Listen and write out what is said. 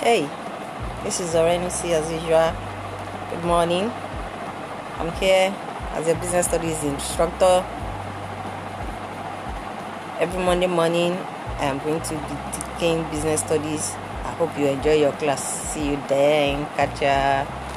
Hey, this is Orenusi as usual. Good morning. I'm here as a business studies instructor. Every Monday morning, I am going to be taking business studies. I hope you enjoy your class. See you then. Catch ya.